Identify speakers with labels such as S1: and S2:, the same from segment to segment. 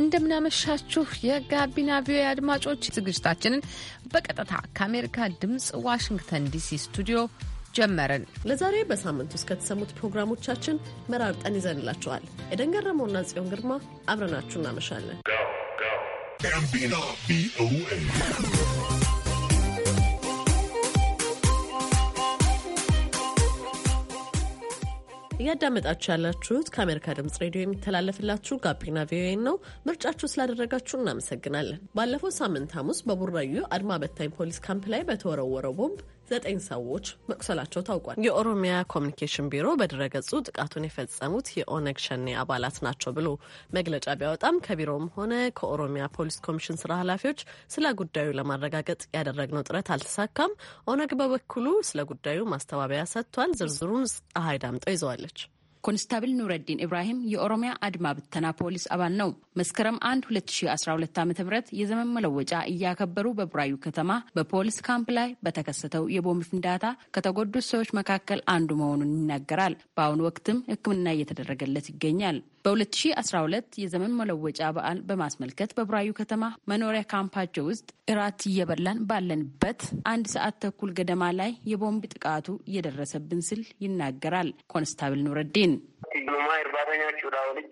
S1: እንደምናመሻችሁ የጋቢና ቪዮ አድማጮች ዝግጅታችንን በቀጥታ
S2: ከአሜሪካ ድምፅ ዋሽንግተን ዲሲ ስቱዲዮ ጀመርን። ለዛሬ በሳምንት ውስጥ ከተሰሙት ፕሮግራሞቻችን መራርጠን ይዘንላችኋል። ኤደን ገረመውና ጽዮን ግርማ አብረናችሁ እናመሻለን። እያዳመጣችሁ ያላችሁት ከአሜሪካ ድምጽ ሬዲዮ የሚተላለፍላችሁ ጋቢና ቪኦኤ ነው። ምርጫችሁ ስላደረጋችሁ እናመሰግናለን። ባለፈው ሳምንት ሐሙስ በቡራዩ አድማ በታኝ ፖሊስ ካምፕ ላይ በተወረወረው ቦምብ ዘጠኝ ሰዎች መቁሰላቸው ታውቋል። የኦሮሚያ ኮሚኒኬሽን ቢሮ በድረገጹ ጥቃቱን የፈጸሙት የኦነግ ሸኔ አባላት ናቸው ብሎ መግለጫ ቢያወጣም ከቢሮውም ሆነ ከኦሮሚያ ፖሊስ ኮሚሽን ስራ ኃላፊዎች ስለ ጉዳዩ ለማረጋገጥ ያደረግነው ጥረት አልተሳካም። ኦነግ በበኩሉ ስለ ጉዳዩ ማስተባበያ ሰጥቷል። ዝርዝሩን ፀሐይ
S3: ዳምጠው ይዘዋለች። ኮንስታብል ኑረዲን ኢብራሂም የኦሮሚያ አድማ ብተና ፖሊስ አባል ነው። መስከረም 1 2012 ዓ ም የዘመን መለወጫ እያከበሩ በቡራዩ ከተማ በፖሊስ ካምፕ ላይ በተከሰተው የቦምብ ፍንዳታ ከተጎዱት ሰዎች መካከል አንዱ መሆኑን ይናገራል። በአሁኑ ወቅትም ሕክምና እየተደረገለት ይገኛል። በ2012 የዘመን መለወጫ በዓል በማስመልከት በቡራዩ ከተማ መኖሪያ ካምፓቸው ውስጥ እራት እየበላን ባለንበት አንድ ሰዓት ተኩል ገደማ ላይ የቦምብ ጥቃቱ እየደረሰብን ስል ይናገራል ኮንስታብል ኑረዲን
S4: አለን።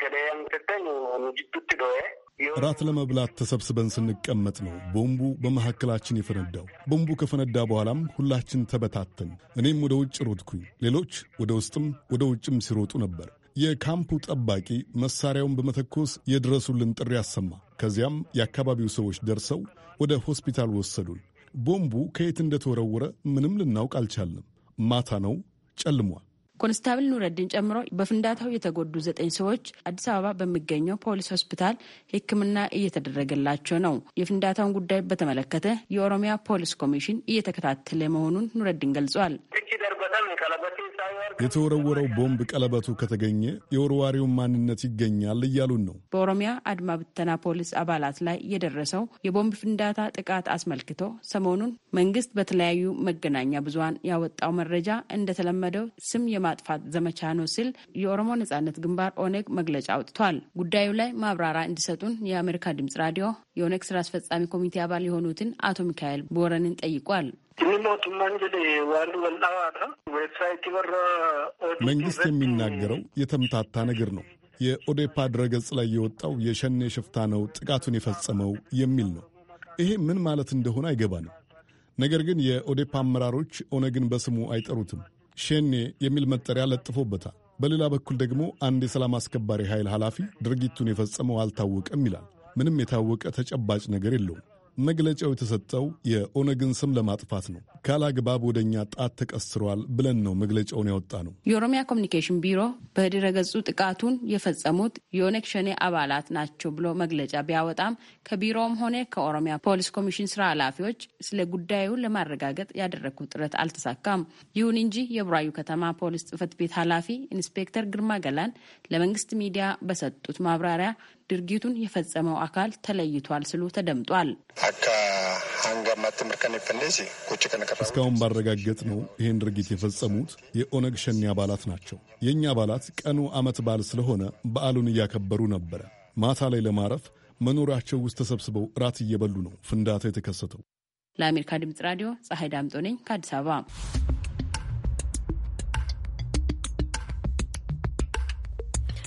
S5: እራት ለመብላት ተሰብስበን ስንቀመጥ ነው ቦምቡ በመካከላችን የፈነዳው። ቦምቡ ከፈነዳ በኋላም ሁላችን ተበታተን፣ እኔም ወደ ውጭ ሮጥኩኝ። ሌሎች ወደ ውስጥም ወደ ውጭም ሲሮጡ ነበር። የካምፑ ጠባቂ መሳሪያውን በመተኮስ የድረሱልን ጥሪ አሰማ። ከዚያም የአካባቢው ሰዎች ደርሰው ወደ ሆስፒታል ወሰዱን። ቦምቡ ከየት እንደተወረወረ ምንም ልናውቅ አልቻልንም። ማታ ነው፣ ጨልሟል። ኮንስታብል
S3: ኑረድን ጨምሮ በፍንዳታው የተጎዱ ዘጠኝ ሰዎች አዲስ አበባ በሚገኘው ፖሊስ ሆስፒታል ሕክምና እየተደረገላቸው ነው። የፍንዳታውን ጉዳይ በተመለከተ የኦሮሚያ ፖሊስ ኮሚሽን እየተከታተለ መሆኑን ኑረድን ገልጿል።
S5: የተወረወረው ቦምብ ቀለበቱ ከተገኘ የወርዋሪውን ማንነት ይገኛል እያሉን ነው።
S3: በኦሮሚያ አድማ ብተና ፖሊስ አባላት ላይ የደረሰው የቦምብ ፍንዳታ ጥቃት አስመልክቶ ሰሞኑን መንግስት በተለያዩ መገናኛ ብዙሃን ያወጣው መረጃ እንደተለመደው ስም የማ የማጥፋት ዘመቻ ነው ሲል የኦሮሞ ነጻነት ግንባር ኦኔግ መግለጫ አውጥቷል። ጉዳዩ ላይ ማብራሪያ እንዲሰጡን የአሜሪካ ድምጽ ራዲዮ የኦኔግ ስራ አስፈጻሚ ኮሚቴ አባል የሆኑትን አቶ ሚካኤል ቦረንን ጠይቋል።
S5: መንግስት የሚናገረው የተምታታ ነገር ነው። የኦዴፓ ድረገጽ ላይ የወጣው የሸኔ ሽፍታ ነው ጥቃቱን የፈጸመው የሚል ነው። ይሄ ምን ማለት እንደሆነ አይገባንም። ነገር ግን የኦዴፓ አመራሮች ኦነግን በስሙ አይጠሩትም። ሼኔ የሚል መጠሪያ ለጥፎበታል። በሌላ በኩል ደግሞ አንድ የሰላም አስከባሪ ኃይል ኃላፊ ድርጊቱን የፈጸመው አልታወቀም ይላል። ምንም የታወቀ ተጨባጭ ነገር የለውም። መግለጫው የተሰጠው የኦነግን ስም ለማጥፋት ነው። ካላግባብ ወደኛ ጣት ተቀስረዋል ብለን ነው መግለጫውን ያወጣ ነው።
S3: የኦሮሚያ ኮሚኒኬሽን ቢሮ በድረ ገጹ ጥቃቱን የፈጸሙት የኦነግ ሸኔ አባላት ናቸው ብሎ መግለጫ ቢያወጣም ከቢሮውም ሆነ ከኦሮሚያ ፖሊስ ኮሚሽን ስራ ኃላፊዎች ስለ ጉዳዩ ለማረጋገጥ ያደረግኩት ጥረት አልተሳካም። ይሁን እንጂ የቡራዩ ከተማ ፖሊስ ጽህፈት ቤት ኃላፊ ኢንስፔክተር ግርማ ገላን ለመንግስት ሚዲያ በሰጡት ማብራሪያ ድርጊቱን የፈጸመው አካል ተለይቷል ስሉ ተደምጧል።
S5: እስካሁን ባረጋገጥ ነው ይህን ድርጊት የፈጸሙት የኦነግ ሸኔ አባላት ናቸው። የእኛ አባላት ቀኑ ዓመት በዓል ስለሆነ በዓሉን እያከበሩ ነበረ። ማታ ላይ ለማረፍ መኖሪያቸው ውስጥ ተሰብስበው እራት እየበሉ ነው ፍንዳታ የተከሰተው።
S3: ለአሜሪካ ድምፅ ራዲዮ ፀሐይ ዳምጦ ነኝ ከአዲስ አበባ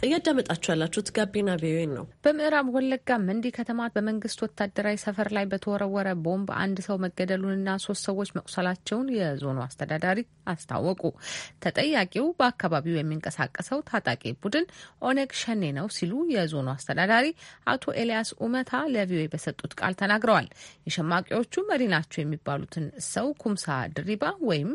S2: እያዳመጣችሁ ያላችሁት ጋቢና ቪኦኤ ነው። በምዕራብ
S1: ወለጋ መንዲ ከተማ በመንግስት ወታደራዊ ሰፈር ላይ በተወረወረ ቦምብ አንድ ሰው መገደሉንና ሶስት ሰዎች መቁሰላቸውን የዞኑ አስተዳዳሪ አስታወቁ። ተጠያቂው በአካባቢው የሚንቀሳቀሰው ታጣቂ ቡድን ኦነግ ሸኔ ነው ሲሉ የዞኑ አስተዳዳሪ አቶ ኤልያስ ኡመታ ለቪኦኤ በሰጡት ቃል ተናግረዋል። የሸማቂዎቹ መሪ ናቸው የሚባሉትን ሰው ኩምሳ ድሪባ ወይም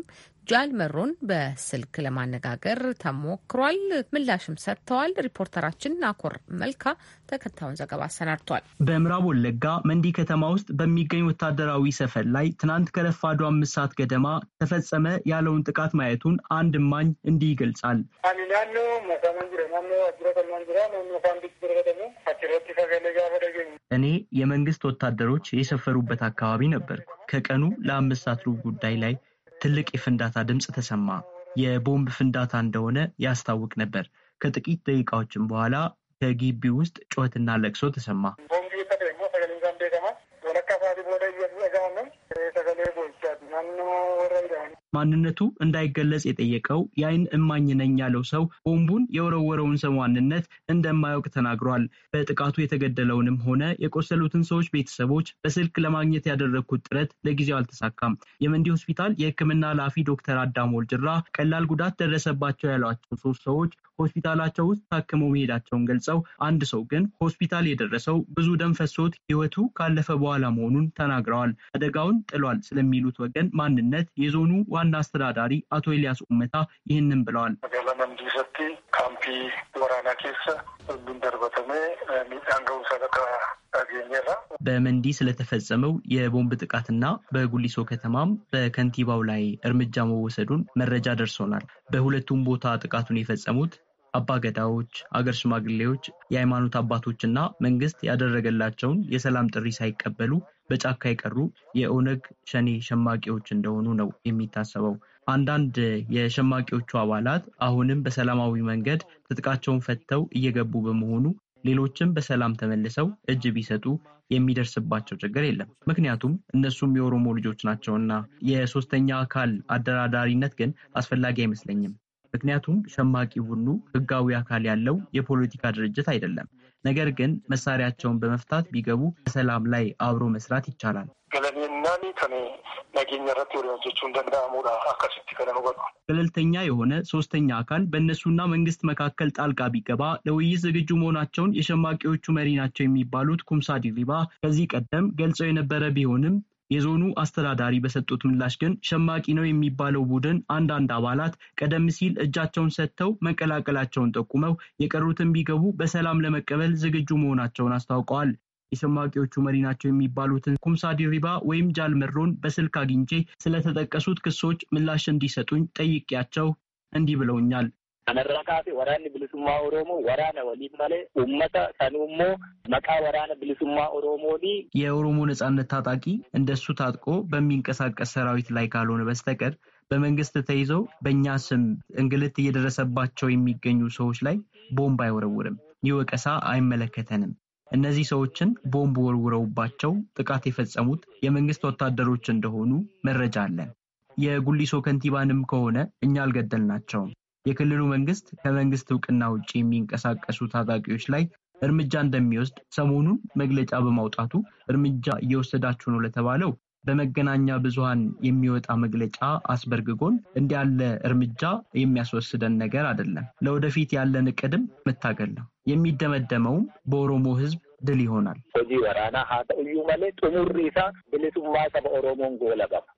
S1: ጃል መሮን በስልክ ለማነጋገር ተሞክሯል። ምላሽም ሰጥተዋል። ሪፖርተራችን ናኮር መልካ ተከታዩን ዘገባ
S6: አሰናድቷል። በምዕራብ ወለጋ መንዲ ከተማ ውስጥ በሚገኝ ወታደራዊ ሰፈር ላይ ትናንት ከረፋዱ አምስት ሰዓት ገደማ ተፈጸመ ያለውን ጥቃት ማየቱን አንድ እማኝ እንዲህ ይገልጻል። እኔ የመንግስት ወታደሮች የሰፈሩበት አካባቢ ነበርኩ። ከቀኑ ለአምስት ሰዓት ሩብ ጉዳይ ላይ ትልቅ የፍንዳታ ድምፅ ተሰማ። የቦምብ ፍንዳታ እንደሆነ ያስታውቅ ነበር። ከጥቂት ደቂቃዎችም በኋላ ከግቢ ውስጥ ጩኸትና ለቅሶ ተሰማ። ማንነቱ እንዳይገለጽ የጠየቀው የአይን እማኝ ነኝ ያለው ሰው ቦምቡን የወረወረውን ሰው ማንነት እንደማያውቅ ተናግሯል። በጥቃቱ የተገደለውንም ሆነ የቆሰሉትን ሰዎች ቤተሰቦች በስልክ ለማግኘት ያደረግኩት ጥረት ለጊዜው አልተሳካም። የመንዲ ሆስፒታል የሕክምና ኃላፊ ዶክተር አዳም ወልጅራ ቀላል ጉዳት ደረሰባቸው ያሏቸው ሶስት ሰዎች ሆስፒታላቸው ውስጥ ታክመው መሄዳቸውን ገልጸው አንድ ሰው ግን ሆስፒታል የደረሰው ብዙ ደም ፈሶት ህይወቱ ካለፈ በኋላ መሆኑን ተናግረዋል። አደጋውን ጥሏል ስለሚሉት ወገን ማንነት የዞኑ ዋና አስተዳዳሪ አቶ ኤልያስ ኡመታ ይህንን ብለዋል። በመንዲ ስለተፈጸመው የቦምብ ጥቃትና በጉሊሶ ከተማም በከንቲባው ላይ እርምጃ መወሰዱን መረጃ ደርሶናል። በሁለቱም ቦታ ጥቃቱን የፈጸሙት አባገዳዎች፣ አገር ሽማግሌዎች፣ የሃይማኖት አባቶችና መንግስት ያደረገላቸውን የሰላም ጥሪ ሳይቀበሉ በጫካ የቀሩ የኦነግ ሸኔ ሸማቂዎች እንደሆኑ ነው የሚታሰበው። አንዳንድ የሸማቂዎቹ አባላት አሁንም በሰላማዊ መንገድ ትጥቃቸውን ፈትተው እየገቡ በመሆኑ ሌሎችም በሰላም ተመልሰው እጅ ቢሰጡ የሚደርስባቸው ችግር የለም። ምክንያቱም እነሱም የኦሮሞ ልጆች ናቸውና። የሶስተኛ አካል አደራዳሪነት ግን አስፈላጊ አይመስለኝም። ምክንያቱም ሸማቂ ቡድኑ ህጋዊ አካል ያለው የፖለቲካ ድርጅት አይደለም። ነገር ግን መሳሪያቸውን በመፍታት ቢገቡ በሰላም ላይ አብሮ መስራት ይቻላል። ገለልተኛ የሆነ ሶስተኛ አካል በእነሱና መንግስት መካከል ጣልቃ ቢገባ ለውይይት ዝግጁ መሆናቸውን የሸማቂዎቹ መሪ ናቸው የሚባሉት ኩምሳ ዲሪባ ከዚህ ቀደም ገልጸው የነበረ ቢሆንም የዞኑ አስተዳዳሪ በሰጡት ምላሽ ግን ሸማቂ ነው የሚባለው ቡድን አንዳንድ አባላት ቀደም ሲል እጃቸውን ሰጥተው መቀላቀላቸውን ጠቁመው የቀሩትን ቢገቡ በሰላም ለመቀበል ዝግጁ መሆናቸውን አስታውቀዋል። የሸማቂዎቹ መሪ ናቸው የሚባሉትን ኩምሳ ዲሪባ ወይም ጃልመሮን በስልክ አግኝቼ ስለተጠቀሱት ክሶች ምላሽ እንዲሰጡኝ ጠይቄያቸው እንዲህ ብለውኛል።
S7: kanarrakaaf waraanni bilisummaa Oromoo waraana waliif malee uummata immoo maqaa
S6: waraana bilisummaa Oromoo የኦሮሞ ነጻነት ታጣቂ እንደሱ ታጥቆ በሚንቀሳቀስ ሰራዊት ላይ ካልሆነ በስተቀር በመንግስት ተይዘው በእኛ ስም እንግልት እየደረሰባቸው የሚገኙ ሰዎች ላይ ቦምብ አይወረውርም። ይህ ወቀሳ አይመለከተንም። እነዚህ ሰዎችን ቦምብ ወርውረውባቸው ጥቃት የፈጸሙት የመንግስት ወታደሮች እንደሆኑ መረጃ አለን። የጉሊሶ ከንቲባንም ከሆነ እኛ አልገደልናቸውም። የክልሉ መንግስት ከመንግስት እውቅና ውጭ የሚንቀሳቀሱ ታጣቂዎች ላይ እርምጃ እንደሚወስድ ሰሞኑን መግለጫ በማውጣቱ እርምጃ እየወሰዳችሁ ነው ለተባለው በመገናኛ ብዙሀን የሚወጣ መግለጫ አስበርግጎን እንዲያለ እርምጃ የሚያስወስደን ነገር አይደለም። ለወደፊት ያለን እቅድም መታገል ነው። የሚደመደመውም በኦሮሞ ህዝብ ድል ይሆናል።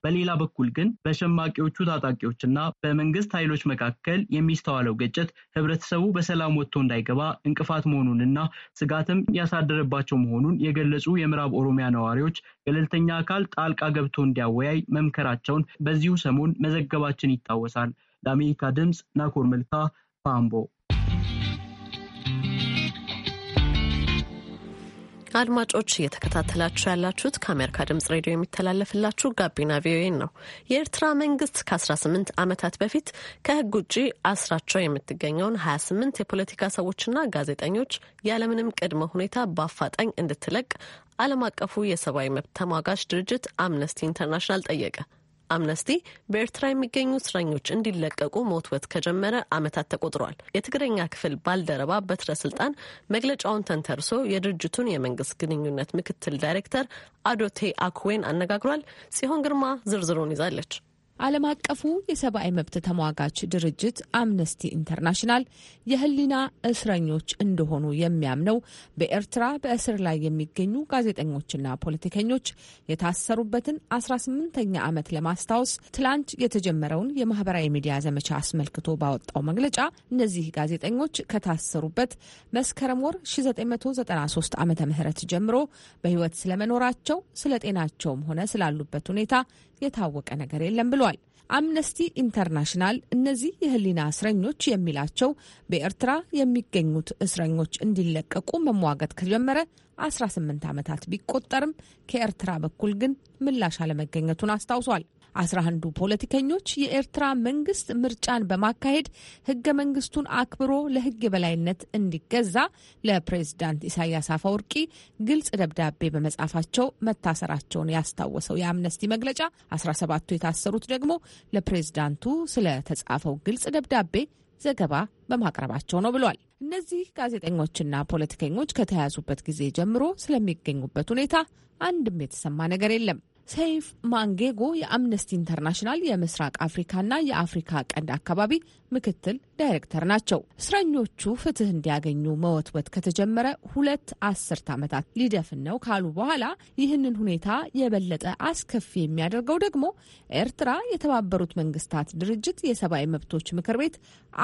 S6: በሌላ በኩል ግን በሸማቂዎቹ ታጣቂዎችና በመንግስት ኃይሎች መካከል የሚስተዋለው ግጭት ህብረተሰቡ በሰላም ወጥቶ እንዳይገባ እንቅፋት መሆኑንና ስጋትም ያሳደረባቸው መሆኑን የገለጹ የምዕራብ ኦሮሚያ ነዋሪዎች ገለልተኛ አካል ጣልቃ ገብቶ እንዲያወያይ መምከራቸውን በዚሁ ሰሞን መዘገባችን ይታወሳል። ለአሜሪካ ድምፅ ናኮር መልካ ፓምቦ
S2: አድማጮች እየተከታተላችሁ ያላችሁት ከአሜሪካ ድምጽ ሬዲዮ የሚተላለፍላችሁ ጋቢና ቪኦኤ ነው። የኤርትራ መንግስት ከ18 ዓመታት በፊት ከህግ ውጭ አስራቸው የምትገኘውን 28 የፖለቲካ ሰዎችና ጋዜጠኞች ያለምንም ቅድመ ሁኔታ በአፋጣኝ እንድትለቅ ዓለም አቀፉ የሰብአዊ መብት ተሟጋች ድርጅት አምነስቲ ኢንተርናሽናል ጠየቀ። አምነስቲ በኤርትራ የሚገኙ እስረኞች እንዲለቀቁ መወትወት ከጀመረ ዓመታት ተቆጥሯል። የትግረኛ ክፍል ባልደረባ በትረ ስልጣን መግለጫውን ተንተርሶ የድርጅቱን የመንግስት ግንኙነት ምክትል ዳይሬክተር አዶቴ አኩዌን አነጋግሯል። ሲሆን ግርማ ዝርዝሩን ይዛለች። ዓለም አቀፉ የሰብአዊ መብት ተሟጋች ድርጅት አምነስቲ
S1: ኢንተርናሽናል የህሊና እስረኞች እንደሆኑ የሚያምነው በኤርትራ በእስር ላይ የሚገኙ ጋዜጠኞችና ፖለቲከኞች የታሰሩበትን 18ኛ ዓመት ለማስታወስ ትላንት የተጀመረውን የማህበራዊ ሚዲያ ዘመቻ አስመልክቶ ባወጣው መግለጫ እነዚህ ጋዜጠኞች ከታሰሩበት መስከረም ወር 1993 ዓ ም ጀምሮ በህይወት ስለመኖራቸው ስለ ጤናቸውም ሆነ ስላሉበት ሁኔታ የታወቀ ነገር የለም ብሏል። አምነስቲ ኢንተርናሽናል እነዚህ የህሊና እስረኞች የሚላቸው በኤርትራ የሚገኙት እስረኞች እንዲለቀቁ መሟገት ከጀመረ 18 ዓመታት ቢቆጠርም ከኤርትራ በኩል ግን ምላሽ አለመገኘቱን አስታውሷል። አስራ አንዱ ፖለቲከኞች የኤርትራ መንግስት ምርጫን በማካሄድ ህገ መንግስቱን አክብሮ ለህግ የበላይነት እንዲገዛ ለፕሬዝዳንት ኢሳያስ አፈወርቂ ግልጽ ደብዳቤ በመጻፋቸው መታሰራቸውን ያስታወሰው የአምነስቲ መግለጫ አስራ ሰባቱ የታሰሩት ደግሞ ለፕሬዝዳንቱ ስለተጻፈው ግልጽ ደብዳቤ ዘገባ በማቅረባቸው ነው ብሏል። እነዚህ ጋዜጠኞችና ፖለቲከኞች ከተያዙበት ጊዜ ጀምሮ ስለሚገኙበት ሁኔታ አንድም የተሰማ ነገር የለም። ሰይፍ ማንጌጎ የአምነስቲ ኢንተርናሽናል የምስራቅ አፍሪካና የአፍሪካ ቀንድ አካባቢ ምክትል ዳይሬክተር ናቸው። እስረኞቹ ፍትህ እንዲያገኙ መወትወት ከተጀመረ ሁለት አስርት ዓመታት ሊደፍን ነው ካሉ በኋላ ይህንን ሁኔታ የበለጠ አስከፊ የሚያደርገው ደግሞ ኤርትራ የተባበሩት መንግስታት ድርጅት የሰብአዊ መብቶች ምክር ቤት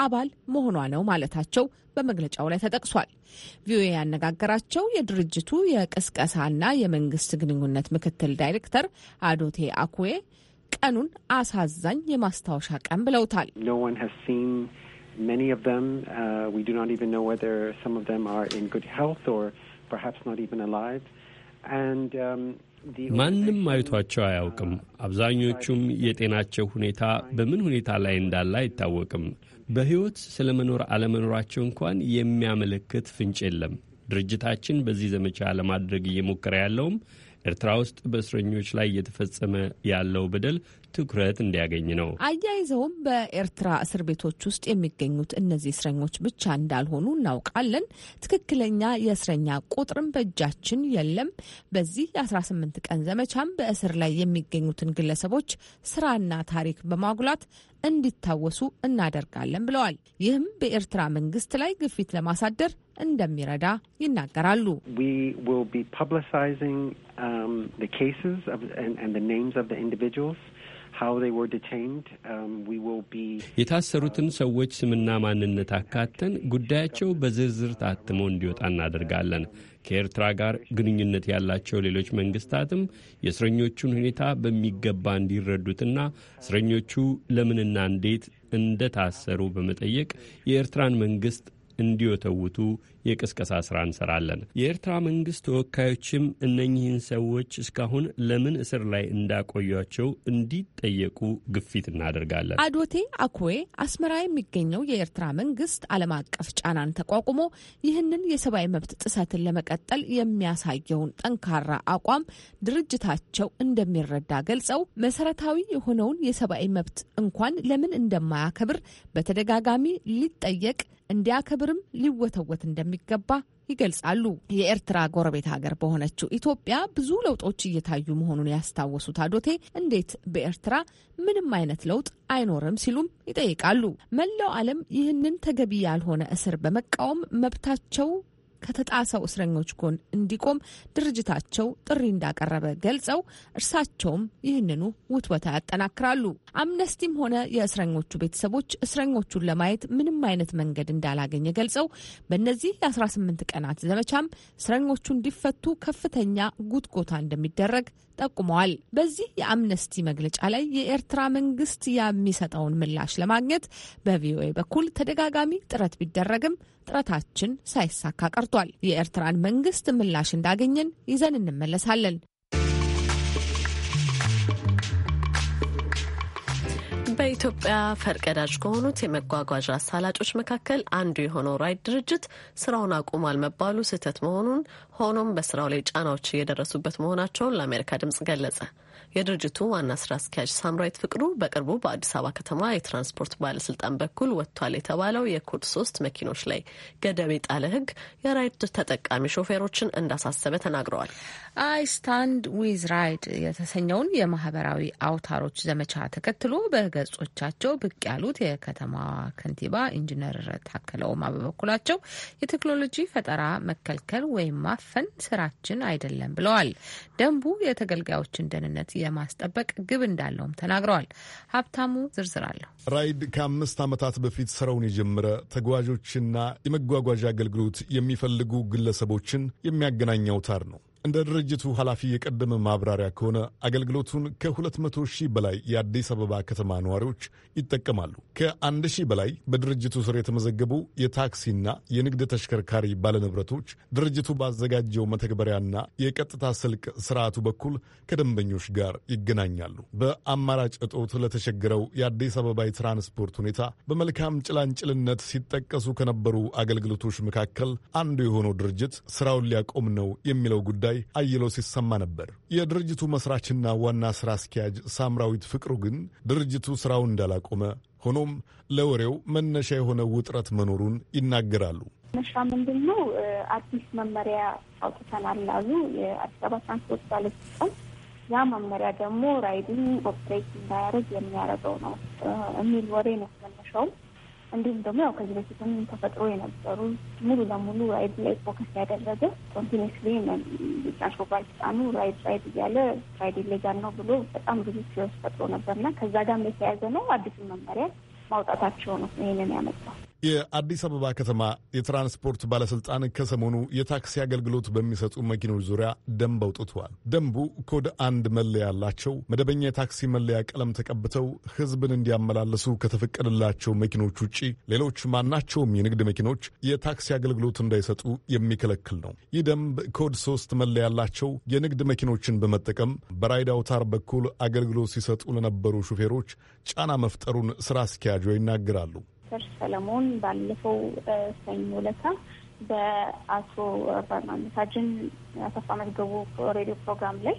S1: አባል መሆኗ ነው ማለታቸው በመግለጫው ላይ ተጠቅሷል። ቪኦኤ ያነጋገራቸው የድርጅቱ የቅስቀሳና የመንግስት ግንኙነት ምክትል ዳይሬክተር አዶቴ አኩዌ ቀኑን አሳዛኝ የማስታወሻ ቀን ብለውታል።
S8: uh, um, ማንም
S7: አይቷቸው አያውቅም። uh, አብዛኞቹም የጤናቸው ሁኔታ በምን ሁኔታ ላይ እንዳለ አይታወቅም። በሕይወት ስለ መኖር አለመኖራቸው እንኳን የሚያመለክት ፍንጭ የለም። ድርጅታችን በዚህ ዘመቻ ለማድረግ እየሞከረ ያለውም ኤርትራ ውስጥ በእስረኞች ላይ እየተፈጸመ ያለው በደል ትኩረት እንዲያገኝ ነው።
S1: አያይዘውም በኤርትራ እስር ቤቶች ውስጥ የሚገኙት እነዚህ እስረኞች ብቻ እንዳልሆኑ እናውቃለን። ትክክለኛ የእስረኛ ቁጥርም በእጃችን የለም። በዚህ የ18 ቀን ዘመቻም በእስር ላይ የሚገኙትን ግለሰቦች ስራና ታሪክ በማጉላት እንዲታወሱ እናደርጋለን ብለዋል። ይህም በኤርትራ መንግስት ላይ ግፊት ለማሳደር እንደሚረዳ ይናገራሉ።
S8: Um,
S7: የታሰሩትን ሰዎች ስምና ማንነት አካተን ጉዳያቸው በዝርዝር ታትሞ እንዲወጣ እናደርጋለን። ከኤርትራ ጋር ግንኙነት ያላቸው ሌሎች መንግስታትም የእስረኞቹን ሁኔታ በሚገባ እንዲረዱትና እስረኞቹ ለምንና እንዴት እንደታሰሩ በመጠየቅ የኤርትራን መንግስት እንዲወተውቱ የቅስቀሳ ስራ እንሰራለን። የኤርትራ መንግስት ተወካዮችም እነኚህን ሰዎች እስካሁን ለምን እስር ላይ እንዳቆያቸው እንዲጠየቁ ግፊት እናደርጋለን።
S1: አዶቴ አኩዌ አስመራ የሚገኘው የኤርትራ መንግስት ዓለም አቀፍ ጫናን ተቋቁሞ ይህንን የሰብአዊ መብት ጥሰትን ለመቀጠል የሚያሳየውን ጠንካራ አቋም ድርጅታቸው እንደሚረዳ ገልጸው መሰረታዊ የሆነውን የሰብአዊ መብት እንኳን ለምን እንደማያከብር በተደጋጋሚ ሊጠየቅ እንዲያከብርም ሊወተወት እንደሚገባ ይገልጻሉ። የኤርትራ ጎረቤት ሀገር በሆነችው ኢትዮጵያ ብዙ ለውጦች እየታዩ መሆኑን ያስታወሱት አዶቴ እንዴት በኤርትራ ምንም አይነት ለውጥ አይኖርም ሲሉም ይጠይቃሉ። መላው ዓለም ይህንን ተገቢ ያልሆነ እስር በመቃወም መብታቸው ከተጣሰው እስረኞች ጎን እንዲቆም ድርጅታቸው ጥሪ እንዳቀረበ ገልጸው እርሳቸውም ይህንኑ ውትወታ ያጠናክራሉ። አምነስቲም ሆነ የእስረኞቹ ቤተሰቦች እስረኞቹን ለማየት ምንም አይነት መንገድ እንዳላገኘ ገልጸው በእነዚህ የ18 ቀናት ዘመቻም እስረኞቹ እንዲፈቱ ከፍተኛ ጉትጎታ እንደሚደረግ ጠቁመዋል። በዚህ የአምነስቲ መግለጫ ላይ የኤርትራ መንግስት የሚሰጠውን ምላሽ ለማግኘት በቪኦኤ በኩል ተደጋጋሚ ጥረት ቢደረግም ጥረታችን ሳይሳካ ቀርቷል። የኤርትራን መንግስት ምላሽ እንዳገኘን
S2: ይዘን እንመለሳለን። በኢትዮጵያ ፈርቀዳጅ ከሆኑት የመጓጓዣ አሳላጮች መካከል አንዱ የሆነው ራይድ ድርጅት ስራውን አቁሟል መባሉ ስህተት መሆኑን ሆኖም በስራው ላይ ጫናዎች እየደረሱበት መሆናቸውን ለአሜሪካ ድምጽ ገለጸ። የድርጅቱ ዋና ስራ አስኪያጅ ሳምራዊት ፍቅሩ በቅርቡ በአዲስ አበባ ከተማ የትራንስፖርት ባለስልጣን በኩል ወጥቷል የተባለው የኮድ ሶስት መኪኖች ላይ ገደብ የጣለ ህግ የራይድ ተጠቃሚ ሾፌሮችን እንዳሳሰበ ተናግረዋል። አይ ስታንድ ዊዝ ራይድ የተሰኘውን የማህበራዊ አውታሮች
S1: ዘመቻ ተከትሎ በገጾቻቸው ብቅ ያሉት የከተማዋ ከንቲባ ኢንጂነር ታከለ ኡማ በበኩላቸው የቴክኖሎጂ ፈጠራ መከልከል ወይም ማፈን ስራችን አይደለም ብለዋል። ደንቡ የተገልጋዮችን ደህንነት ደህንነት የማስጠበቅ ግብ እንዳለውም ተናግረዋል። ሀብታሙ ዝርዝር አለሁ።
S5: ራይድ ከአምስት ዓመታት በፊት ስራውን የጀመረ ተጓዦችና የመጓጓዣ አገልግሎት የሚፈልጉ ግለሰቦችን የሚያገናኝ አውታር ነው። እንደ ድርጅቱ ኃላፊ የቀደመ ማብራሪያ ከሆነ አገልግሎቱን ከ200 ሺህ በላይ የአዲስ አበባ ከተማ ነዋሪዎች ይጠቀማሉ። ከ1 ሺህ በላይ በድርጅቱ ስር የተመዘገቡ የታክሲና የንግድ ተሽከርካሪ ባለንብረቶች ድርጅቱ ባዘጋጀው መተግበሪያና የቀጥታ ስልክ ስርዓቱ በኩል ከደንበኞች ጋር ይገናኛሉ። በአማራጭ እጦት ለተቸገረው የአዲስ አበባ የትራንስፖርት ሁኔታ በመልካም ጭላንጭልነት ሲጠቀሱ ከነበሩ አገልግሎቶች መካከል አንዱ የሆነው ድርጅት ስራውን ሊያቆም ነው የሚለው ጉዳይ ላይ አይሎ ሲሰማ ነበር። የድርጅቱ መስራችና ዋና ስራ አስኪያጅ ሳምራዊት ፍቅሩ ግን ድርጅቱ ስራውን እንዳላቆመ ሆኖም ለወሬው መነሻ የሆነ ውጥረት መኖሩን ይናገራሉ።
S4: መነሻ ምንድን ነው? አዲስ መመሪያ አውጥተናል አሉ የአዲስ አበባ ትራንስፖርት ባለስልጣን። ያ መመሪያ ደግሞ ራይድን ኦፕሬት እንዳያደርግ የሚያደርገው ነው የሚል ወሬ ነው መነሻውም እንዲሁም ደግሞ ያው ከዚህ በፊትም ተፈጥሮ የነበሩ ሙሉ ለሙሉ ራይድ ላይ ፎከስ ያደረገ ኮንቲኒስሊ ናሾባል ህጻኑ ራይድ ራይድ እያለ ራይድ ኢሌጋል ነው ብሎ በጣም ብዙ ሲወስ ፈጥሮ ነበርና ከዛ ጋር የተያያዘ ነው አዲሱን መመሪያ ማውጣታቸው ነው ይህንን ያመጣው።
S5: የአዲስ አበባ ከተማ የትራንስፖርት ባለስልጣን ከሰሞኑ የታክሲ አገልግሎት በሚሰጡ መኪኖች ዙሪያ ደንብ አውጥቷል። ደንቡ ኮድ አንድ መለያ ያላቸው መደበኛ የታክሲ መለያ ቀለም ተቀብተው ሕዝብን እንዲያመላለሱ ከተፈቀደላቸው መኪኖች ውጪ ሌሎች ማናቸውም የንግድ መኪኖች የታክሲ አገልግሎት እንዳይሰጡ የሚከለክል ነው። ይህ ደንብ ኮድ ሶስት መለያ ያላቸው የንግድ መኪኖችን በመጠቀም በራይድ አውታር በኩል አገልግሎት ሲሰጡ ለነበሩ ሹፌሮች ጫና መፍጠሩን ስራ አስኪያጇ ይናገራሉ።
S4: ዶክተር ሰለሞን ባለፈው ሰኞ ዕለት በአቶ በማመሳጅን አሰፋ መዝገቡ ሬዲዮ ፕሮግራም ላይ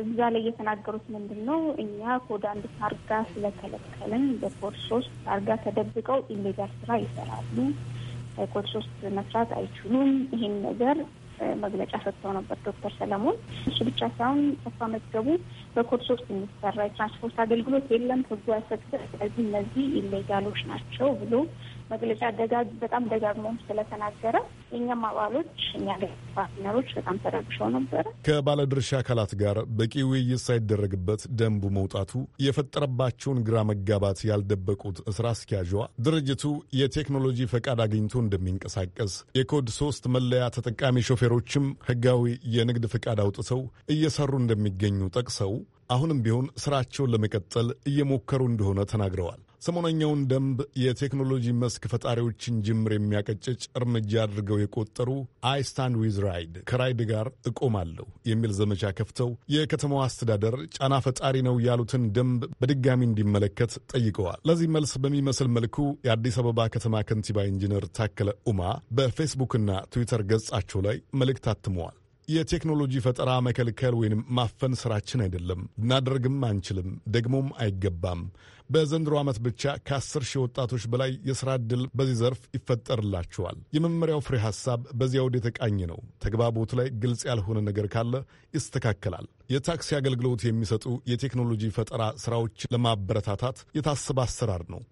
S4: እዛ ላይ የተናገሩት ምንድን ነው? እኛ ኮድ አንድ ታርጋ ስለከለከልን በኮድ ሶስት ታርጋ ተደብቀው ኢሌጋል ስራ ይሰራሉ። ኮድ ሶስት መስራት አይችሉም። ይሄን ነገር መግለጫ ሰጥተው ነበር ዶክተር ሰለሞን። እሱ ብቻ ሳይሆን ሰፋ መዝገቡ በኮድ ሶስት የሚሰራ የትራንስፖርት አገልግሎት የለም ህጉ አይፈቅድም፣ ስለዚህ እነዚህ ኢሌጋሎች ናቸው ብሎ መግለጫ ደጋግ በጣም ደጋግሞም ስለተናገረ የእኛም አባሎች እኛ ፓርትነሮች በጣም ተረብሸው
S5: ነበረ። ከባለድርሻ አካላት ጋር በቂ ውይይት ሳይደረግበት ደንቡ መውጣቱ የፈጠረባቸውን ግራ መጋባት ያልደበቁት ስራ አስኪያጇ ድርጅቱ የቴክኖሎጂ ፈቃድ አግኝቶ እንደሚንቀሳቀስ የኮድ ሶስት መለያ ተጠቃሚ ሾፌሮችም ህጋዊ የንግድ ፈቃድ አውጥተው እየሰሩ እንደሚገኙ ጠቅሰው አሁንም ቢሆን ስራቸውን ለመቀጠል እየሞከሩ እንደሆነ ተናግረዋል። ሰሞነኛውን ደንብ የቴክኖሎጂ መስክ ፈጣሪዎችን ጅምር የሚያቀጭጭ እርምጃ አድርገው የቆጠሩ አይ ስታንድ ዊዝ ራይድ ከራይድ ጋር እቆማለሁ የሚል ዘመቻ ከፍተው የከተማዋ አስተዳደር ጫና ፈጣሪ ነው ያሉትን ደንብ በድጋሚ እንዲመለከት ጠይቀዋል። ለዚህ መልስ በሚመስል መልኩ የአዲስ አበባ ከተማ ከንቲባ ኢንጂነር ታከለ ኡማ በፌስቡክና ትዊተር ገጻቸው ላይ መልእክት አትመዋል። የቴክኖሎጂ ፈጠራ መከልከል ወይም ማፈን ስራችን አይደለም። ልናደርግም አንችልም፣ ደግሞም አይገባም። በዘንድሮ ዓመት ብቻ ከአስር ሺህ ወጣቶች በላይ የሥራ ዕድል በዚህ ዘርፍ ይፈጠርላቸዋል። የመመሪያው ፍሬ ሐሳብ በዚያ ወደ የተቃኘ ነው። ተግባቦት ላይ ግልጽ ያልሆነ ነገር ካለ ይስተካከላል። የታክሲ አገልግሎት የሚሰጡ የቴክኖሎጂ ፈጠራ ሥራዎች ለማበረታታት የታሰበ አሰራር ነው።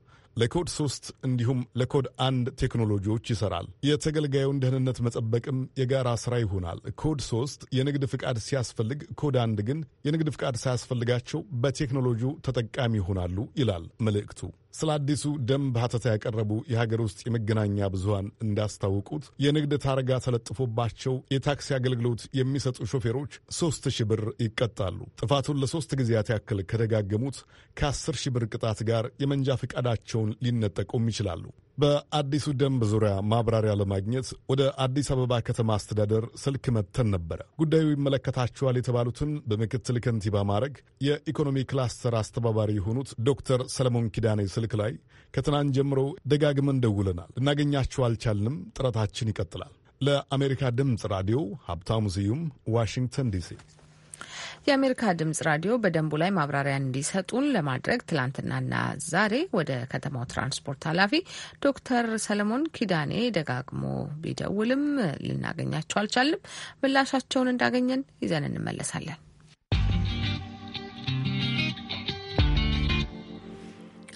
S5: ለኮድ 3 እንዲሁም ለኮድ 1 ቴክኖሎጂዎች ይሰራል። የተገልጋዩን ደህንነት መጠበቅም የጋራ ስራ ይሆናል። ኮድ 3 የንግድ ፍቃድ ሲያስፈልግ፣ ኮድ 1 ግን የንግድ ፍቃድ ሳያስፈልጋቸው በቴክኖሎጂው ተጠቃሚ ይሆናሉ ይላል መልእክቱ። ስለ አዲሱ ደንብ ሀተታ ያቀረቡ የሀገር ውስጥ የመገናኛ ብዙኃን እንዳስታወቁት የንግድ ታርጋ ተለጥፎባቸው የታክሲ አገልግሎት የሚሰጡ ሾፌሮች ሦስት ሺህ ብር ይቀጣሉ። ጥፋቱን ለሦስት ጊዜያት ያክል ከደጋገሙት ከአስር ሺህ ብር ቅጣት ጋር የመንጃ ፈቃዳቸውን ሊነጠቁም ይችላሉ። በአዲሱ ደንብ ዙሪያ ማብራሪያ ለማግኘት ወደ አዲስ አበባ ከተማ አስተዳደር ስልክ መተን ነበረ። ጉዳዩ ይመለከታቸዋል የተባሉትን በምክትል ከንቲባ ማዕረግ የኢኮኖሚ ክላስተር አስተባባሪ የሆኑት ዶክተር ሰለሞን ኪዳኔ ስልክ ላይ ከትናንት ጀምሮ ደጋግመን ደውለናል፣ ልናገኛቸው አልቻልንም። ጥረታችን ይቀጥላል። ለአሜሪካ ድምፅ ራዲዮ ሀብታሙ ስዩም ዋሽንግተን ዲሲ
S1: የአሜሪካ ድምጽ ራዲዮ በደንቡ ላይ ማብራሪያ እንዲሰጡን ለማድረግ ትላንትናና ዛሬ ወደ ከተማው ትራንስፖርት ኃላፊ ዶክተር ሰለሞን ኪዳኔ ደጋግሞ ቢደውልም ልናገኛቸው አልቻልም። ምላሻቸውን
S2: እንዳገኘን ይዘን እንመለሳለን።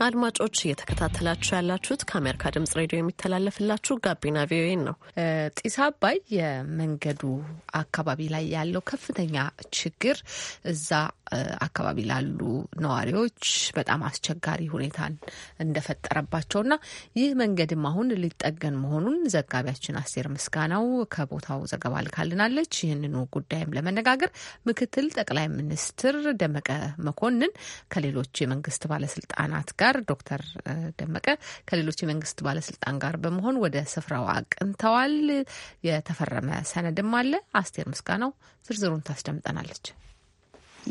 S2: አድማጮች እየተከታተላችሁ ያላችሁት ከአሜሪካ ድምጽ ሬዲዮ የሚተላለፍላችሁ ጋቢና ቪኦኤ ነው። ጢስ አባይ የመንገዱ አካባቢ ላይ
S1: ያለው ከፍተኛ ችግር እዛ አካባቢ ላሉ ነዋሪዎች በጣም አስቸጋሪ ሁኔታን እንደፈጠረባቸውና ይህ መንገድም አሁን ሊጠገን መሆኑን ዘጋቢያችን አስቴር ምስጋናው ከቦታው ዘገባ ልካልናለች። ይህንኑ ጉዳይም ለመነጋገር ምክትል ጠቅላይ ሚኒስትር ደመቀ መኮንን ከሌሎች የመንግስት ባለስልጣናት ጋር ጋር ዶክተር ደመቀ ከሌሎች የመንግስት ባለስልጣን ጋር በመሆን ወደ ስፍራው አቅንተዋል። የተፈረመ ሰነድም አለ። አስቴር ምስጋናው
S9: ዝርዝሩን ታስደምጠናለች።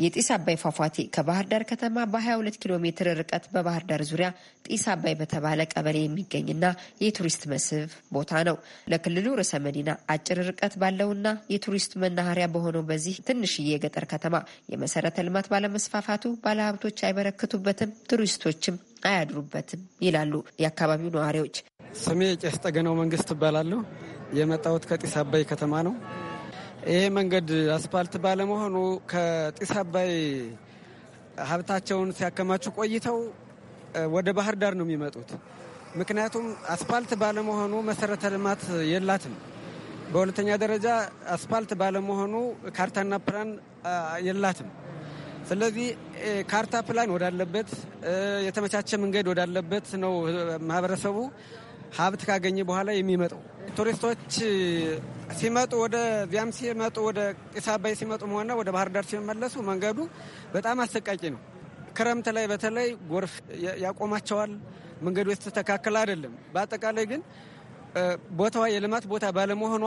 S9: የጢስ አባይ ፏፏቴ ከባህር ዳር ከተማ በ22 ኪሎ ሜትር ርቀት በባህር ዳር ዙሪያ ጢስ አባይ በተባለ ቀበሌ የሚገኝና የቱሪስት መስህብ ቦታ ነው። ለክልሉ ርዕሰ መዲና አጭር ርቀት ባለውና የቱሪስት መናኸሪያ በሆነው በዚህ ትንሽዬ የገጠር ከተማ የመሰረተ ልማት ባለመስፋፋቱ ባለሀብቶች አይበረክቱበትም፣ ቱሪስቶችም አያድሩበትም ይላሉ የአካባቢው ነዋሪዎች።
S8: ስሜ ቄስ መንግስት እባላለሁ። የመጣሁት ከጢስ አባይ ከተማ ነው። ይሄ መንገድ አስፓልት ባለመሆኑ ከጢስ አባይ ሀብታቸውን ሲያከማቹ ቆይተው ወደ ባህር ዳር ነው የሚመጡት። ምክንያቱም አስፓልት ባለመሆኑ መሰረተ ልማት የላትም። በሁለተኛ ደረጃ አስፓልት ባለመሆኑ ካርታና ፕላን የላትም። ስለዚህ ካርታ ፕላን ወዳለበት የተመቻቸ መንገድ ወዳለበት ነው ማህበረሰቡ ሀብት ካገኘ በኋላ የሚመጣው። ቱሪስቶች ሲመጡ ወደ ዚያም ሲመጡ ወደ ጢስ አባይ ሲመጡ ሆነ ወደ ባህር ዳር ሲመለሱ መንገዱ በጣም አሰቃቂ ነው። ክረምት ላይ በተለይ ጎርፍ ያቆማቸዋል። መንገዱ የተስተካከለ አይደለም። በአጠቃላይ ግን ቦታዋ የልማት ቦታ ባለመሆኗ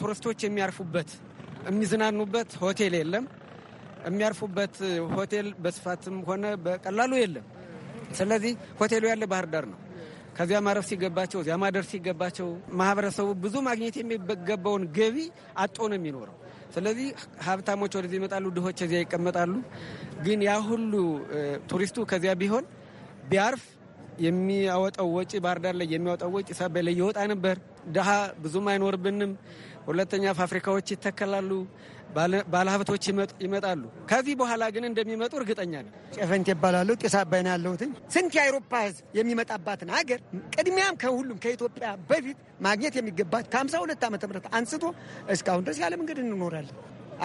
S8: ቱሪስቶች የሚያርፉበት የሚዝናኑበት ሆቴል የለም። የሚያርፉበት ሆቴል በስፋትም ሆነ በቀላሉ የለም። ስለዚህ ሆቴሉ ያለ ባህር ዳር ነው። ከዚያ ማረፍ ሲገባቸው እዚያ ማደር ሲገባቸው ማህበረሰቡ ብዙ ማግኘት የሚገባውን ገቢ አጦ ነው የሚኖረው። ስለዚህ ሀብታሞች ወደዚህ ይመጣሉ፣ ድሆች እዚያ ይቀመጣሉ። ግን ያ ሁሉ ቱሪስቱ ከዚያ ቢሆን ቢያርፍ የሚያወጣው ወጪ ባህር ዳር ላይ የሚያወጣው ወጪ ሳቢያ ላይ ይወጣ ነበር። ድሃ ብዙም አይኖርብንም። ሁለተኛ ፋብሪካዎች ይተከላሉ። ባለሀብቶች ይመጣሉ። ከዚህ በኋላ ግን እንደሚመጡ እርግጠኛ ነው። ጨፈንት ይባላለሁ። ጤስ አባይ ነው ያለሁትኝ። ስንት የአውሮፓ ህዝብ የሚመጣባትን ሀገር ቅድሚያም ከሁሉም ከኢትዮጵያ በፊት ማግኘት የሚገባት ከ52 ዓመተ ምህረት አንስቶ እስካሁን ድረስ ያለ መንገድ እንኖራለን።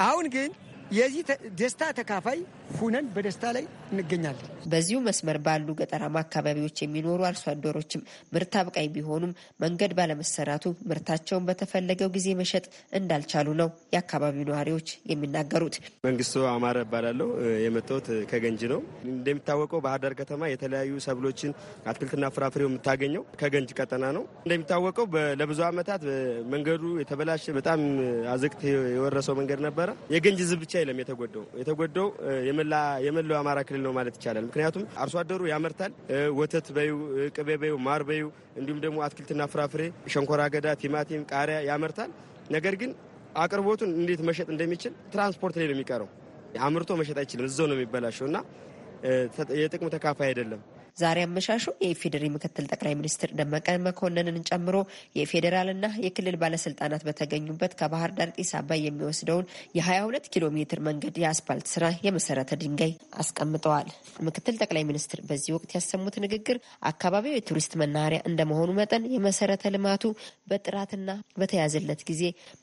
S9: አሁን ግን የዚህ ደስታ ተካፋይ ሁነን በደስታ ላይ እንገኛለን። በዚሁ መስመር ባሉ ገጠራማ አካባቢዎች የሚኖሩ አርሶ አደሮችም ምርት አብቃይ ቢሆኑም መንገድ ባለመሰራቱ ምርታቸውን በተፈለገው ጊዜ መሸጥ እንዳልቻሉ ነው የአካባቢው ነዋሪዎች
S7: የሚናገሩት። መንግስቱ አማረ እባላለሁ። የመጣሁት ከገንጂ ነው። እንደሚታወቀው ባህር ዳር ከተማ የተለያዩ ሰብሎችን አትክልትና ፍራፍሬው የምታገኘው ከገንጂ ቀጠና ነው። እንደሚታወቀው ለብዙ ዓመታት መንገዱ የተበላሸ በጣም አዘቅት የወረሰው መንገድ ነበረ። የገንጂ ህዝብ ብቻ አይደለም የተጎዳው የተጎዳው የመላው አማራ ክልል ነው ማለት ይቻላል። ምክንያቱም አርሶ አደሩ ያመርታል። ወተት በዩ፣ ቅቤ በዩ፣ ማር በዩ እንዲሁም ደግሞ አትክልትና ፍራፍሬ፣ ሸንኮራ አገዳ፣ ቲማቲም፣ ቃሪያ ያመርታል። ነገር ግን አቅርቦቱን እንዴት መሸጥ እንደሚችል ትራንስፖርት ላይ ነው የሚቀረው። አምርቶ መሸጥ አይችልም። እዛው ነው የሚበላሸው እና የጥቅሙ ተካፋይ አይደለም።
S9: ዛሬ አመሻሹ የኢፌዴሪ ምክትል ጠቅላይ ሚኒስትር ደመቀ መኮንንን ጨምሮ የፌዴራልና የክልል ባለስልጣናት በተገኙበት ከባህር ዳር ጢስ አባይ የሚወስደውን የ22 ኪሎ ሜትር መንገድ የአስፓልት ስራ የመሰረተ ድንጋይ አስቀምጠዋል። ምክትል ጠቅላይ ሚኒስትር በዚህ ወቅት ያሰሙት ንግግር አካባቢው የቱሪስት መናኸሪያ እንደመሆኑ መጠን የመሰረተ ልማቱ በጥራትና በተያዘለት ጊዜ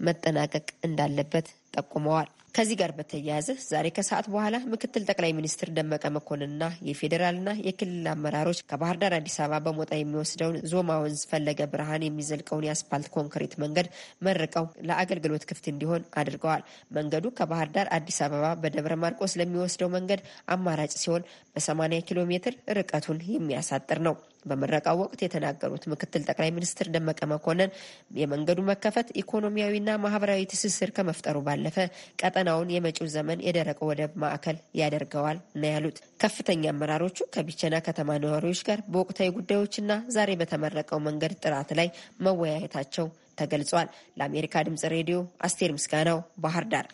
S9: መጠናቀቅ እንዳለበት ጠቁመዋል። ከዚህ ጋር በተያያዘ ዛሬ ከሰዓት በኋላ ምክትል ጠቅላይ ሚኒስትር ደመቀ መኮንንና የፌዴራልና የክልል አመራሮች ከባህር ዳር አዲስ አበባ በሞጣ የሚወስደውን ዞማ ወንዝ ፈለገ ብርሃን የሚዘልቀውን የአስፓልት ኮንክሪት መንገድ መርቀው ለአገልግሎት ክፍት እንዲሆን አድርገዋል። መንገዱ ከባህር ዳር አዲስ አበባ በደብረ ማርቆስ ለሚወስደው መንገድ አማራጭ ሲሆን በ80 ኪሎ ሜትር ርቀቱን የሚያሳጥር ነው። በምረቃው ወቅት የተናገሩት ምክትል ጠቅላይ ሚኒስትር ደመቀ መኮንን የመንገዱ መከፈት ኢኮኖሚያዊና ማህበራዊ ትስስር ከመፍጠሩ ባለፈ ቀጠናውን የመጪው ዘመን የደረቀ ወደብ ማዕከል ያደርገዋል ነው ያሉት። ከፍተኛ አመራሮቹ ከቢቸና ከተማ ነዋሪዎች ጋር በወቅታዊ ጉዳዮችና ዛሬ በተመረቀው መንገድ ጥራት ላይ መወያየታቸው ተገልጿል። ለአሜሪካ ድምጽ ሬዲዮ አስቴር ምስጋናው ባህር ዳር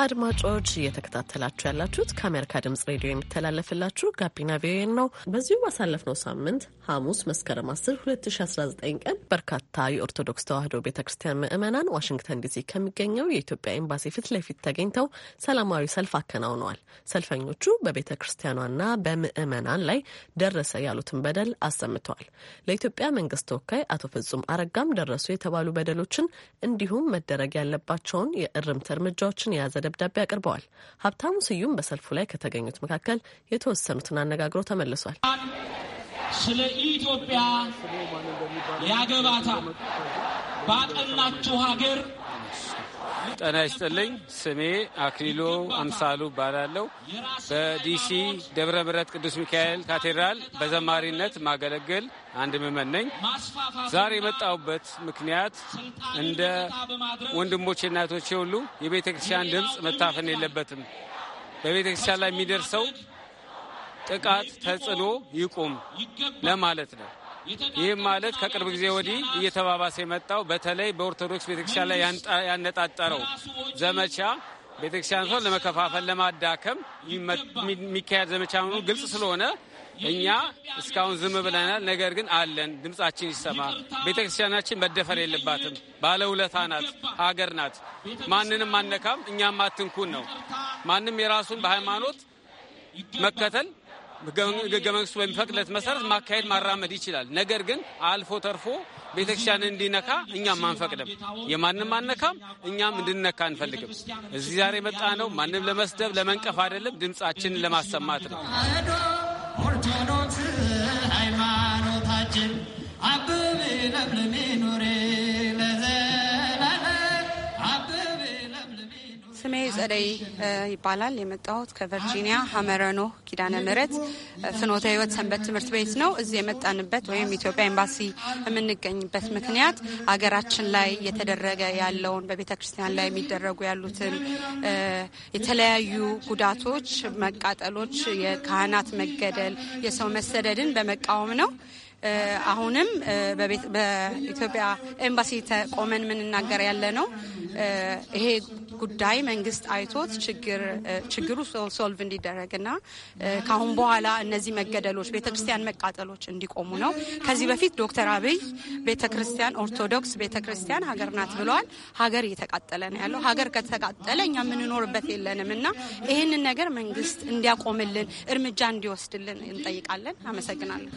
S2: አድማጮች እየተከታተላችሁ ያላችሁት ከአሜሪካ ድምጽ ሬዲዮ የሚተላለፍላችሁ ጋቢና ቪኦኤ ነው። በዚሁ ባሳለፍነው ሳምንት ሐሙስ መስከረም 10 2019 ቀን በርካታ የኦርቶዶክስ ተዋሕዶ ቤተ ክርስቲያን ምዕመናን ዋሽንግተን ዲሲ ከሚገኘው የኢትዮጵያ ኤምባሲ ፊት ለፊት ተገኝተው ሰላማዊ ሰልፍ አከናውነዋል። ሰልፈኞቹ በቤተ ክርስቲያኗና በምዕመናን ላይ ደረሰ ያሉትን በደል አሰምተዋል። ለኢትዮጵያ መንግስት ተወካይ አቶ ፍጹም አረጋም ደረሱ የተባሉ በደሎችን እንዲሁም መደረግ ያለባቸውን የእርምት እርምጃዎችን የያዘ ደብዳቤ አቅርበዋል። ሀብታሙ ስዩም በሰልፉ ላይ ከተገኙት መካከል የተወሰኑትን አነጋግሮ ተመልሷል።
S10: ስለ ኢትዮጵያ ያገባታል ባቀናችሁ ሀገር ጤና ይስጥልኝ። ስሜ አክሊሎ አምሳሉ እባላለሁ። በዲሲ ደብረ ምሕረት ቅዱስ ሚካኤል ካቴድራል በዘማሪነት ማገለግል አንድ ምዕመን ነኝ። ዛሬ የመጣሁበት ምክንያት እንደ ወንድሞቼ እናቶቼ ሁሉ የቤተ ክርስቲያን ድምፅ መታፈን የለበትም። በቤተ ክርስቲያን ላይ የሚደርሰው ጥቃት፣ ተጽዕኖ ይቁም ለማለት ነው። ይህም ማለት ከቅርብ ጊዜ ወዲህ እየተባባሰ የመጣው በተለይ በኦርቶዶክስ ቤተክርስቲያን ላይ ያነጣጠረው ዘመቻ ሰው ለመከፋፈል ለማዳከም የሚካሄድ ዘመቻ መሆኑ ግልጽ ስለሆነ እኛ እስካሁን ዝም ብለናል። ነገር ግን አለን፣ ድምጻችን ይሰማ። ቤተክርስቲያናችን መደፈር የለባትም። ባለውለታ ናት፣ ሀገር ናት። ማንንም አነካም፣ እኛም አትንኩን ነው። ማንም የራሱን በሃይማኖት መከተል ህገ መንግስቱ በሚፈቅድለት መሰረት ማካሄድ ማራመድ ይችላል። ነገር ግን አልፎ ተርፎ ቤተክርስቲያን እንዲነካ እኛም አንፈቅድም። የማንም አነካም፣ እኛም እንድነካ አንፈልግም። እዚህ ዛሬ መጣ ነው ማንም ለመስደብ ለመንቀፍ አይደለም፣ ድምፃችን ለማሰማት ነው።
S9: ኦርቶዶክስ ሃይማኖታችን አብብ ለምልሜ
S3: ስሜ ጸደይ ይባላል። የመጣሁት ከቨርጂኒያ ሀመረኖ ኪዳነ ምረት ፍኖተ ህይወት ሰንበት ትምህርት ቤት ነው። እዚህ የመጣንበት ወይም ኢትዮጵያ ኤምባሲ የምንገኝበት ምክንያት ሀገራችን ላይ እየተደረገ ያለውን በቤተ ክርስቲያን ላይ የሚደረጉ ያሉትን የተለያዩ ጉዳቶች፣ መቃጠሎች፣ የካህናት መገደል፣ የሰው መሰደድን በመቃወም ነው። አሁንም በኢትዮጵያ ኤምባሲ ተቆመን የምንናገር ያለ ነው። ይሄ ጉዳይ መንግስት አይቶት ችግሩ ሶልቭ እንዲደረግና ከአሁን በኋላ እነዚህ መገደሎች፣ ቤተክርስቲያን መቃጠሎች እንዲቆሙ ነው። ከዚህ በፊት ዶክተር አብይ ቤተክርስቲያን ኦርቶዶክስ ቤተክርስቲያን ሀገር ናት ብለዋል። ሀገር እየተቃጠለ ነው ያለው። ሀገር ከተቃጠለ እኛ የምንኖርበት የለንም እና ይህንን ነገር መንግስት እንዲያቆምልን እርምጃ እንዲወስድልን እንጠይቃለን።
S10: አመሰግናለን።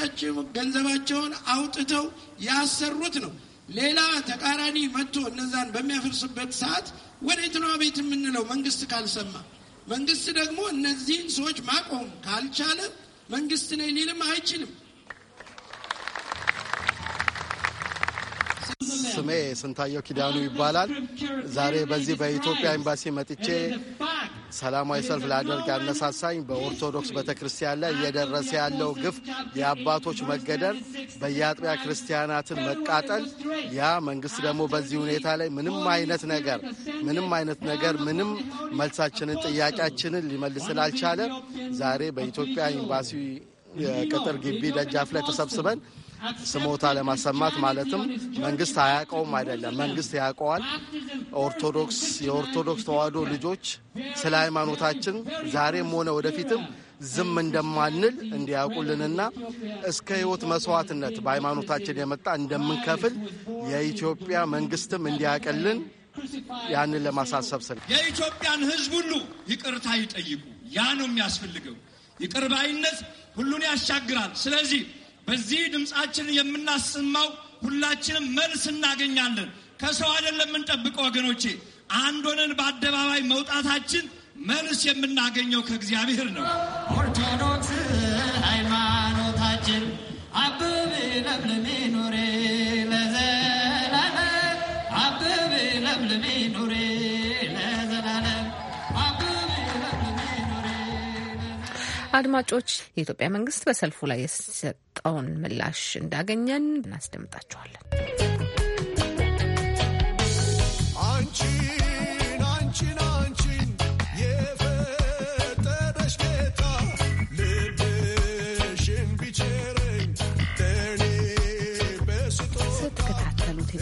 S10: ወላጆቻቸው ገንዘባቸውን አውጥተው ያሰሩት ነው። ሌላ ተቃራኒ መጥቶ እነዛን በሚያፈርስበት ሰዓት ወደ የትኗ ቤት የምንለው መንግስት ካልሰማ፣ መንግስት ደግሞ እነዚህን ሰዎች ማቆም ካልቻለ መንግስት ነኝ ሊልም አይችልም።
S5: ስሜ ስንታየው ኪዳኑ ይባላል። ዛሬ በዚህ በኢትዮጵያ ኤምባሲ መጥቼ ሰላማዊ ሰልፍ ላደርግ ያነሳሳኝ በኦርቶዶክስ ቤተ ክርስቲያን ላይ እየደረሰ ያለው ግፍ፣ የአባቶች መገደል፣ በየአጥቢያ ክርስቲያናትን መቃጠል፣ ያ መንግስት ደግሞ በዚህ ሁኔታ ላይ ምንም አይነት ነገር ምንም አይነት ነገር ምንም መልሳችንን ጥያቄያችንን ሊመልስ ስላልቻለ ዛሬ በኢትዮጵያ ኤምባሲ ቅጥር ግቢ ደጃፍ ላይ ተሰብስበን ስሞታ ለማሰማት ማለትም መንግስት አያውቀውም አይደለም፣ መንግስት ያውቀዋል። ኦርቶዶክስ የኦርቶዶክስ ተዋህዶ ልጆች ስለ ሃይማኖታችን ዛሬም ሆነ ወደፊትም ዝም እንደማንል እንዲያውቁልንና እስከ ህይወት መስዋዕትነት በሃይማኖታችን የመጣ እንደምንከፍል የኢትዮጵያ መንግስትም እንዲያውቅልን ያንን ለማሳሰብ ስለ
S7: የኢትዮጵያን ህዝብ ሁሉ ይቅርታ ይጠይቁ። ያ ነው የሚያስፈልገው። ይቅርባይነት ሁሉን ያሻግራል። ስለዚህ በዚህ ድምፃችን የምናሰማው ሁላችንም መልስ እናገኛለን። ከሰው አይደለም የምንጠብቀው ወገኖቼ። አንድ ሆነን በአደባባይ መውጣታችን መልስ የምናገኘው ከእግዚአብሔር ነው። ኦርቶዶክስ
S8: ሃይማኖታችን አብብ ለምልሜ ኑሬ
S2: ለዘላለም አብብ ለምልሜ ኑሬ
S1: አድማጮች የኢትዮጵያ መንግስት በሰልፉ ላይ የሰጠውን ምላሽ እንዳገኘን እናስደምጣችኋለን።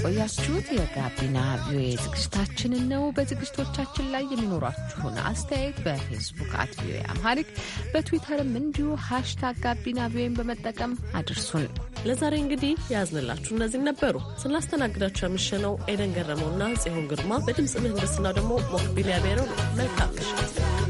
S1: የቆያችሁት የጋቢና ቪኦኤ ዝግጅታችንን ነው። በዝግጅቶቻችን ላይ የሚኖራችሁን አስተያየት በፌስቡክ አት ቪኦኤ አምሃሪክ በትዊተርም እንዲሁ ሃሽታግ ጋቢና ቪኦኤን በመጠቀም
S2: አድርሱን። ለዛሬ እንግዲህ ያዝንላችሁ እነዚህ ነበሩ። ስናስተናግዳችሁ ያምሸነው ኤደን ገረመውና ጽሆን ግርማ፣ በድምፅ ምህንድስና ደግሞ ሞክቢል ያቤረው። መልካም ምሽት።